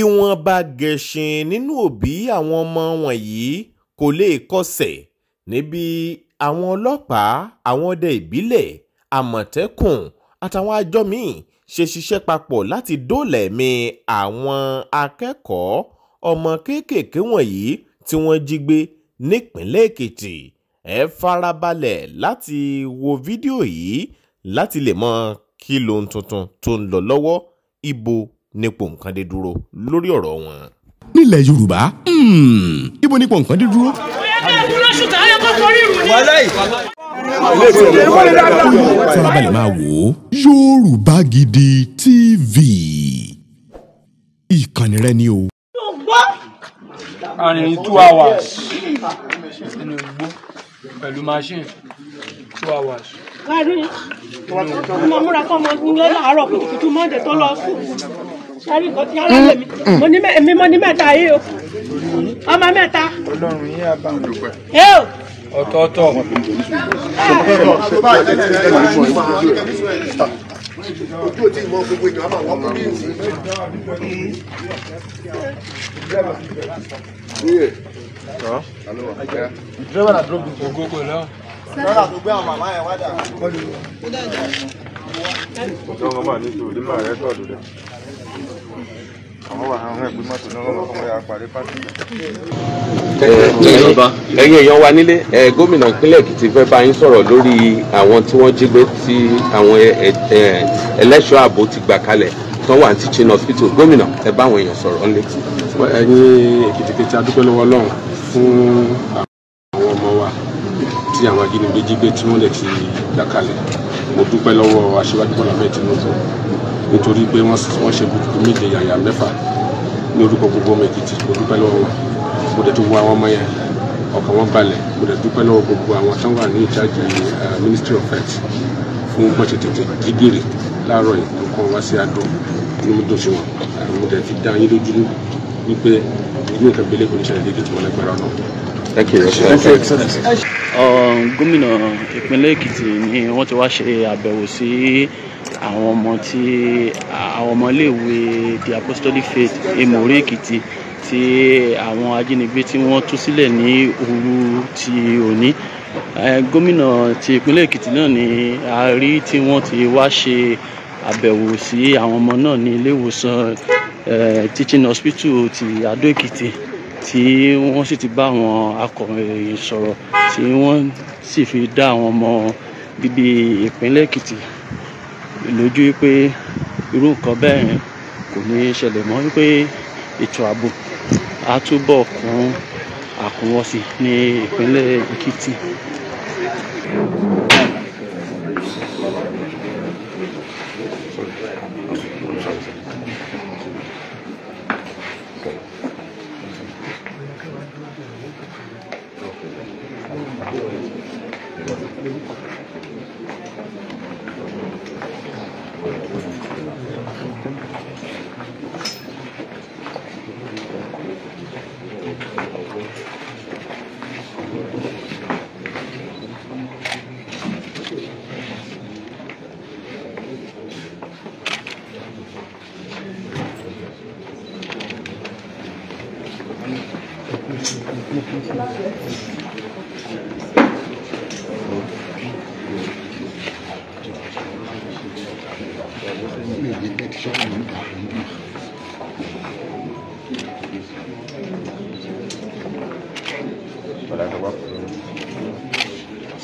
ìwọ̀nba gẹ̀ṣìn nínú òbí àwọn ọmọ wọ̀nyí kò lè kọsẹ̀ níbi àwọn ọlọ́pàá àwọn ọdẹ ìbílẹ̀ àmọ̀tẹ́kùn àtàwọn àjọ míì ṣe ṣiṣẹ́ papọ̀ láti dóòlà ẹ̀mí àwọn akẹ́kọ̀ọ́ ọmọ kéékèèké wọ̀nyí tí wọ́n jí gbé nípínlẹ̀ èkìtì ẹ farabalẹ̀ láti wo fídíò yìí láti lè mọ kí lohun tuntun tó ń lọ lọ́wọ́ ibo nípò nǹkan dé dúró lórí ọ̀rọ̀ wọn. nílẹ̀ yorùbá hmm, ibo nípò nǹkan dé dúró. bóyá dúró ṣùtà ayọ̀ kó forí ìrù ni. farabalẹ̀ máa wò ó Yorùbá Gidi TV ìkànnì rẹ ni o. arìnrìn two hours nínú igbó pẹ̀lú machine two hours mo múra kọ́ mo nílé láàárọ̀ kùtùkùtù mọ́ndé tó lọ sùn sáré nǹkan tí yàrá lèmi mo ní mẹ èmi mo ní mẹ́ta yìí o ọmọ mẹ́ta. Ọlọ́run yìí á bá wọn dùpẹ́. ọ̀tọ̀ọ̀tọ̀. ojú ò tí ì mọ gbogbo ènìyàn á máa wọ́n kọ́ bí ìsìn. dírẹ́bà náà dúró bí. ògógó náà lọ́dà tó gbé àwọn màmá yẹn wá dà. lọ́wọ́ wà ní tòun nígbà rẹ tọ̀dù rẹ̀ àwọn wà àwọn ẹgbẹ́ mọ́tò náà lọ́wọ́ fún ẹ̀yà parí pàtó. ẹ̀yin èèyàn wa nílé gómìnà ìpínlẹ̀ Èkìtì fẹ́ bá yín sọ̀rọ̀ lórí àwọn tí wọ́n jí gbé tí àwọn ẹlẹ́ṣọ́ ààbò ti gbà kalẹ̀ tó wà ní teaching hospital gómìnà ẹ bá àwọn èèyàn sọ̀rọ̀ ńlẹ̀. ẹ̀yin èkìtìkìtì adúpẹ́ lọ́wọ́ Ọlọ́run fún tí àwọn ajínigbé jí gbé tí wọ́n lè ti dá kalẹ̀ mo dúpẹ́ lọ́wọ́ aṣíwájú Bọ́lá bẹ́ẹ̀ Tinubu nítorí pé wọ́n ṣe gbogbo méje yàyà mẹ́fà ní orúkọ gbogbo ọmọ Èkìtì mo dúpẹ́ lọ́wọ́ wọn mo dẹ̀ tó wọ àwọn ọmọ yẹn ọkàn wọn balẹ̀ mo dẹ̀ dúpẹ́ lọ́wọ́ gbogbo àwọn tó wà ní ìjáde eh, Ministry of Health fún gbọ́dọ̀ tètè dígìrì láàárọ̀ yìí tó kọ́ wá sí adó inú mi dùn sí wọn mo dẹ̀ fi dá yín lójú wípé inú ìkàgbélé kò ní ṣẹlẹ̀ déédéé tí mo lẹ́gbẹ̀rẹ̀ ọ̀nà Thank you, um, gómìnà ìpínlẹ̀ èkìtì ni wọ́n ti wá ṣe àbẹ̀wò sí àwọn ọmọ tí àwọn ọmọléèwé the apostolic faith emory èkìtì tí àwọn ajínigbé tí wọ́n tú sílẹ̀ ní òru ti òní gómìnà ti ìpínlẹ̀ èkìtì náà ni a rí tí wọ́n ti wá ṣe àbẹ̀wò sí àwọn ọmọ náà ní ilé ìwòsàn teaching hospital ti adó èkìtì tí wọ́n sì ti bá àwọn akọ̀ròyìn sọ̀rọ̀ tí wọ́n sì fi dá àwọn ọmọ bíbí ìpínlẹ̀ Èkìtì lójú pé irú nǹkan bẹ́ẹ̀ kò ní í ṣẹlẹ̀ mọ́ wípé ètò ààbò á túbọ̀ kún àkúnwọ́sí ní ìpínlẹ̀ Èkìtì.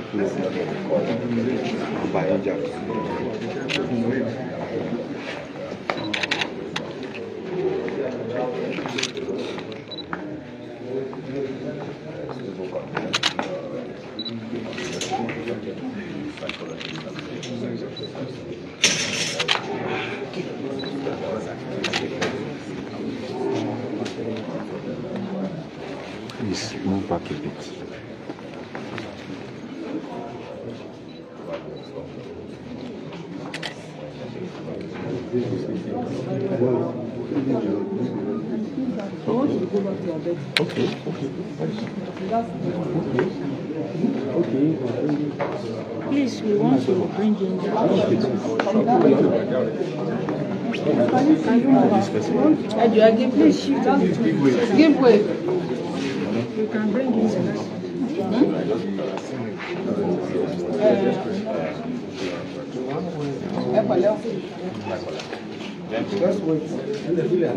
白一家。Ok, ok. Please, we want to bring in the Give ah, way. Ah, you can bring in hein? euh. eh,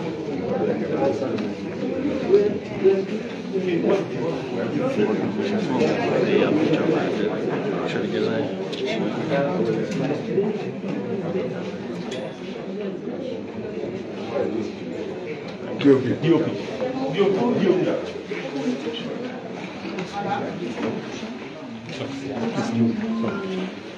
DOP, DOP, DOP, DOP. h a s k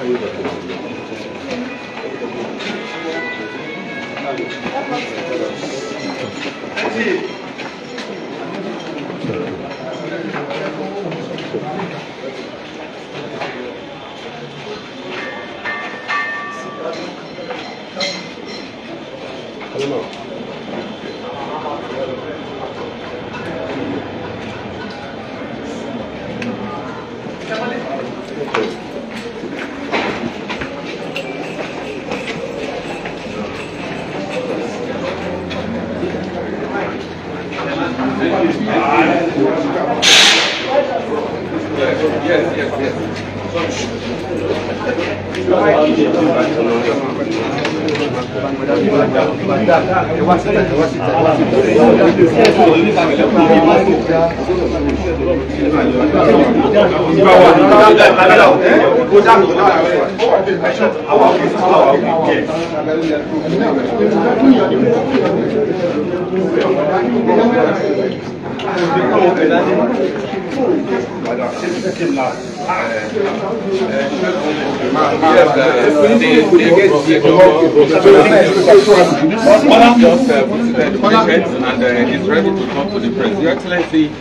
ありがとう。ìgbà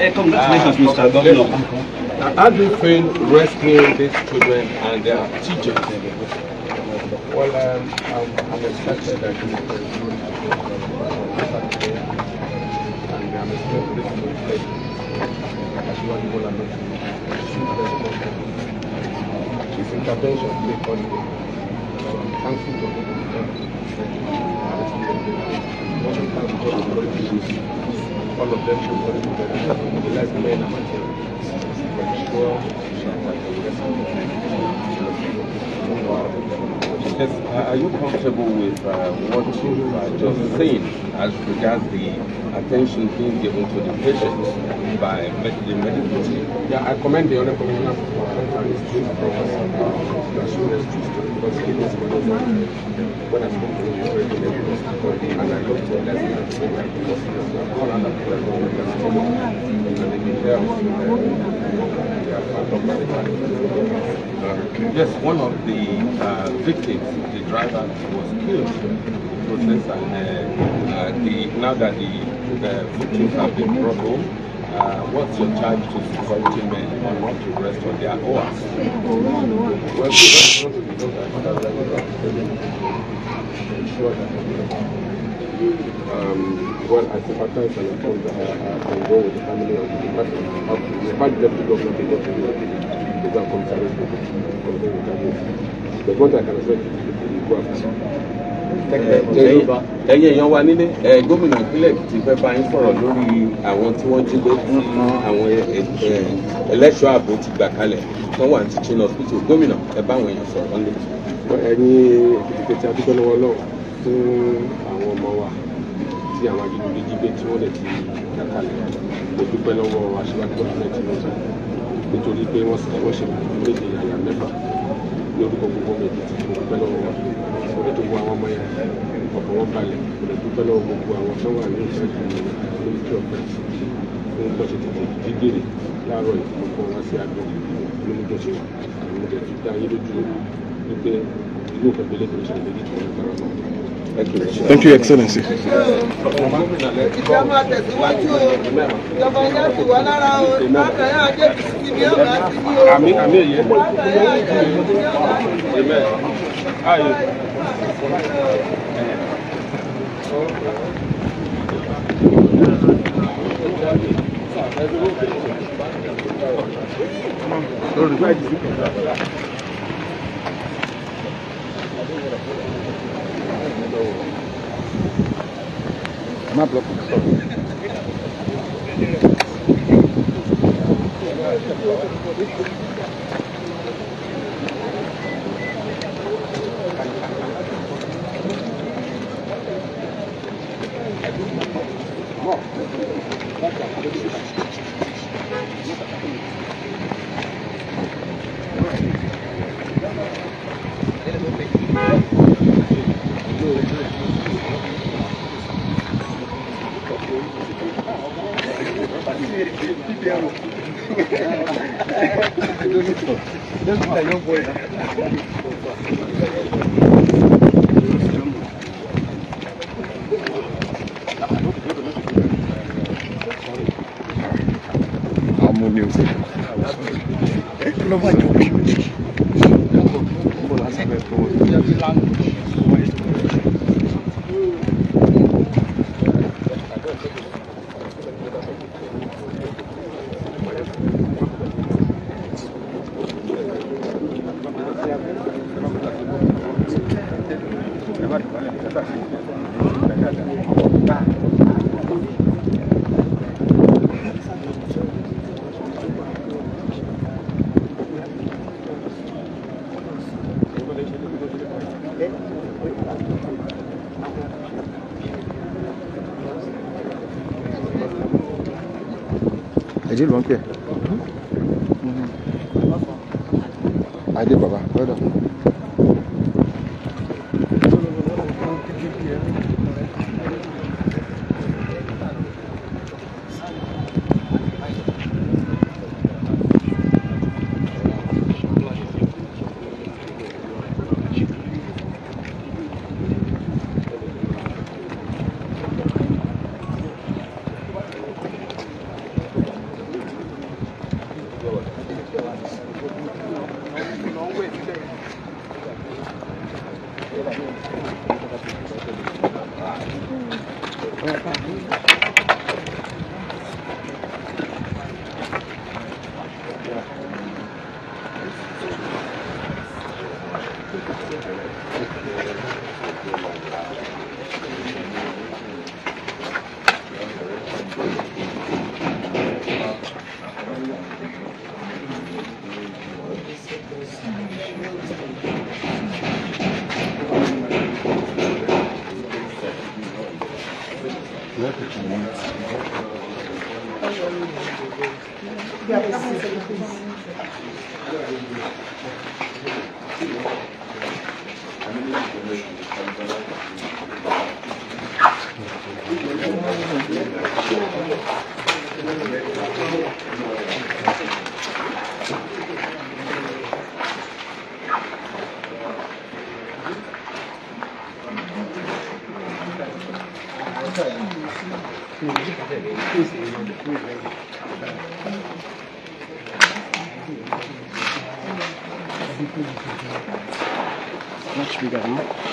congratulations, Mr. Governor. How do you rescuing these children and their teachers? Well, um, I'm, I'm expected that uh, um, you and I'm expected His intervention is so I'm thankful to him. I'm thankful to all of them should together. sure Yes, uh, are you comfortable with uh, what you uh, just seen as regards the attention being given to the patient by med the medical team? Yeah, I commend the Honourable Commissioner for his team, Professor Nasruddin Yes, one of the uh, victims, the driver, was killed in the process, and uh, uh, the, now that the, the uh, victims have been brought home, uh, what's your charge to security men on what to rest on their oars? Well, Um, well, I sympathize and that uh, I go with the family of the department. the fact that the government do anything, they got commissariat to the government. The one I can expect is to go after. ẹ̀yin èèyàn wa nílé gómìnà ìpínlẹ̀ Èkìtì fẹ́ bá yín sọ̀rọ̀ lórí àwọn tí wọ́n jí gbé àwọn ẹlẹ́ṣọ́ ààbò ti gbà kalẹ̀ wọ́n wà ní teaching hospital gómìnà ẹ bá àwọn èèyàn sọ̀rọ̀ nílé. ẹ̀yin èkìtìkẹtì adúgbò lọ́wọ́ lọ́wọ́ fún àwọn ọmọ wa tí àwọn ajínigbé jí gbé tí wọ́n lè ti gbà kalẹ̀ mo dúpẹ́ lọ́wọ́ aṣíwájú ọ̀sẹ̀ tí wọ́n sọ nítorí pé wọ́n ṣe méje yàyà mẹ́fà ní orúkọ gbogbo mi Èkìtì mo dúpẹ́ lọ́wọ́ ó tó gbogbo àwọn ọmọ yẹn ọkọ̀ wọn balẹ̀ kò lè dúpẹ́ lọ́wọ́ gbogbo àwọn tó wà ní ìṣẹ́jú ministry of health fún bọ́sẹ̀ tètè dídèrè láàárọ̀ ìfowópamọ́ wọn wá sí Thank you. Thank you, Excellency. Ìjọba tẹ̀síwájú o, ìjọba yá Má blok. Thank you. なんか、あれですか Hadi baba, böyle. Much bigger, huh?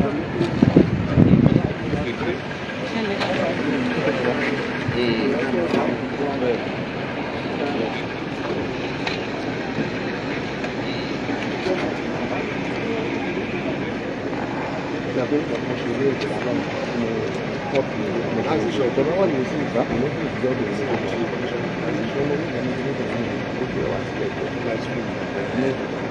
嗯，对。那都是什么设备？嗯，啊，你说台湾的设备，目前只有手机、摄像机、相机、微距啊，这些。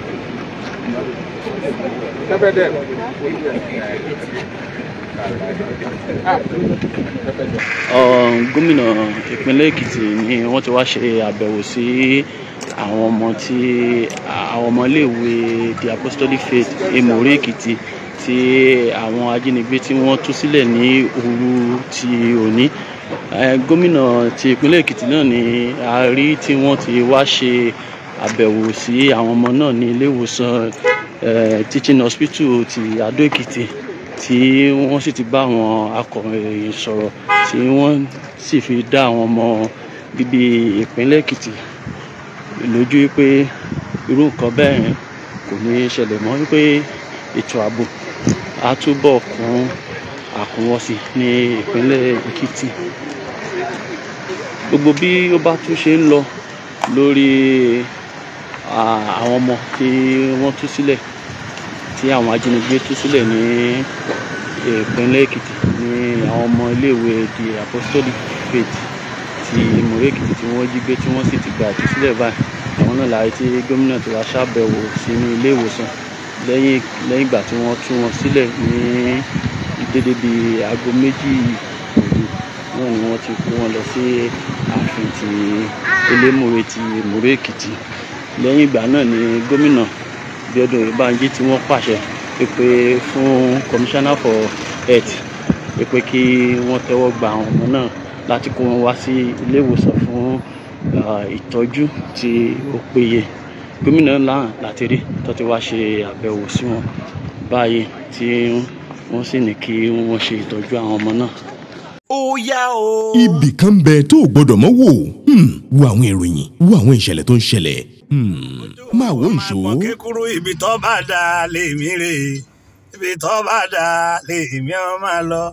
Pepedem. Um, gómìnà ìpínlẹ̀ Èkìtì ni wọ́n ti wá ṣe àbẹ̀wò sí àwọn ọmọ tí àwọn ọmọléèwé the apostolic faith emori Èkìtì tí àwọn ajínigbé tí wọ́n tú sílẹ̀ ní òru ti òní gómìnà ti ìpínlẹ̀ Èkìtì náà ni a rí tí wọ́n ti wá ṣe àbẹ̀wò sí àwọn ọmọ náà ní ilé ìwòsàn teaching hospital ti Adó Èkìtì tí wọ́n sì ti bá àwọn akọ̀ròyìn sọ̀rọ̀ tí wọ́n sì fi dá àwọn ọmọ bíbí ìpínlẹ̀ Èkìtì lójú pé irú nǹkan bẹ́ẹ̀ kò ní í ṣẹlẹ̀ mọ́ wípé ètò ààbò á túbọ̀ kún àkúnwọ́sí ní ìpínlẹ̀ Èkìtì gbogbo bí ó bá tún ṣe ń lọ lórí Ah, àwọn ọmọ tí wọ́n tú sílẹ̀ tí àwọn ajínigbé tú sílẹ̀ ní eh, ìpínlẹ̀ èkìtì ní àwọn ọmọ iléèwé di apostolic faith ti ìmọ̀rẹ́ èkìtì tí wọ́n jí gbé tí wọ́n sì ti gba àtúnṣílẹ̀ báyìí àwọn náà láàyè tí gómìnà tó wá ṣàbẹ̀wò sínú ilé ìwòsàn lẹ́yìn lẹ́yìn ìgbà tí wọ́n tú wọn sílẹ̀ ní dédé bíi aago méjì òru náà ni wọ́n ti kó wọn lọ sí ààfin ti elémùrè ti ìmọ̀rẹ́ èkìtì lẹ́yìn ìgbà náà ni gómìnà Bíọ́dún Oyèbánjí tí wọ́n pàṣẹ pé fún commissioner for health pé kí wọ́n tẹ́wọ́ gba àwọn ọmọ náà láti kó wọn wá sí ilé ìwòsàn fún ìtọ́jú tí ó péye gómìnà ńlá láti rí tó ti wá ṣe àbẹ̀wò sí wọn báyìí tí wọ́n sì ní kí wọ́n ṣe ìtọ́jú àwọn ọmọ náà. ó yá o. ibì kan bẹ tó o gbọ́dọ̀ mọ̀ wò hmm. wo àwọn ìròyìn wo àwọn ìṣẹ̀lẹ̀ tó ń ṣẹlẹ̀ Hmm. máa wo ìṣó. ọmọ kékeré ibi tó bá dáa lèmi rè ibi tó bá dáa lèmi ó máa lọ